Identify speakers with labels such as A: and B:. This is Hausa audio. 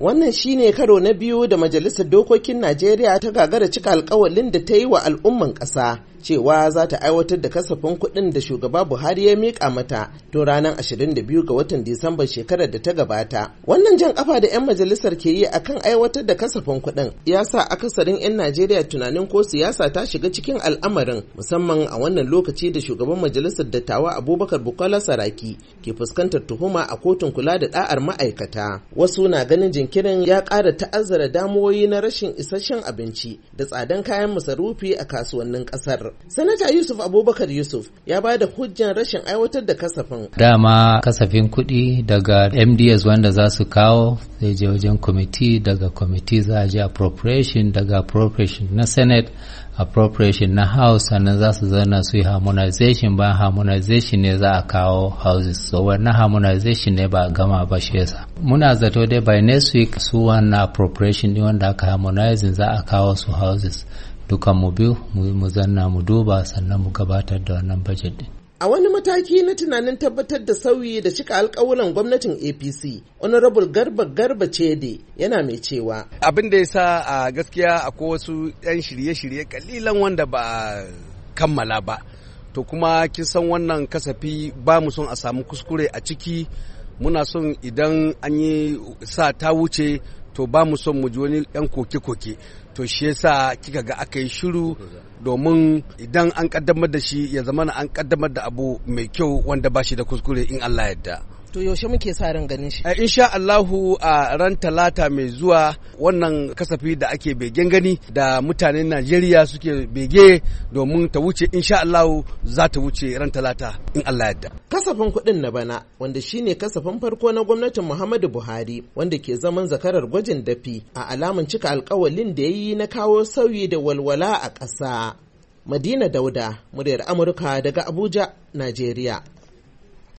A: Wannan shi ne karo na biyu da Majalisar Dokokin Najeriya ta gagara cika alkawalin da ta yi wa al'umman ƙasa cewa za ta aiwatar da kasafin kuɗin da shugaba Buhari ya miƙa mata tun ranar 22 ga watan disamba shekarar da ta gabata. Wannan jan ƙafa da 'yan majalisar ke yi akan aiwatar da kasafin kuɗin ya sa akasarin 'yan Najeriya tunanin ko siyasa ta shiga cikin al'amarin musamman a wannan lokaci da shugaban majalisar dattawa Abubakar Bukola Saraki ke fuskantar tuhuma a kotun kula da ɗa'ar ma'aikata. Wasu na ganin Kiran ya ƙara ta'azzara damuwoyi na rashin isasshen abinci da tsadan kayan masarufi a kasuwannin ƙasar. Sanata Yusuf Abubakar Yusuf ya ba da hujjan rashin aiwatar da kasafin.
B: Dama kasafin kuɗi daga MDS wanda za su kawo zai je wajen kwamiti daga kwamiti za a je appropriation daga appropriation na Senate appropriation na house sannan za su zana su yi harmonization bayan harmonization ne za a kawo houses so wannan harmonization ne ba gama ba shi yasa muna zato dai by next district su wannan appropriation din wanda aka harmonizing za a kawo su houses dukan mu biyu mu zanna mu duba sannan mu gabatar da wannan budget din
A: A wani mataki na tunanin tabbatar da sauyi da cika alkawuran gwamnatin APC, Honorable
C: Garba Garba Cede yana mai cewa. Abin da ya sa a gaskiya akwai wasu 'yan shirye-shirye kalilan wanda ba kammala ba. To kuma kin san wannan kasafi ba mu son a samu kuskure a ciki muna son idan an yi sa ta wuce to ba mu son mu wani yan koke-koke to shi yasa kika ga aka yi shiru domin idan an kaddamar da shi ya zama an kaddamar da abu mai kyau wanda ba shi da kuskure in Allah yadda.
A: to yaushe muke sa ran ganin shi
C: eh, insha Allahu a ran talata mai zuwa wannan kasafi da ake begen gani da mutanen Najeriya suke bege domin ta wuce insha Allahu za ta wuce ran talata in Allah yadda kasafin kuɗin na bana wanda shine kasafin farko na gwamnatin Muhammadu
A: Buhari wanda ke zaman zakarar gwajin dafi a alamun cika alkawalin da yayi na kawo sauyi da walwala a ƙasa Madina Dauda, muryar Amurka daga Abuja, Najeriya.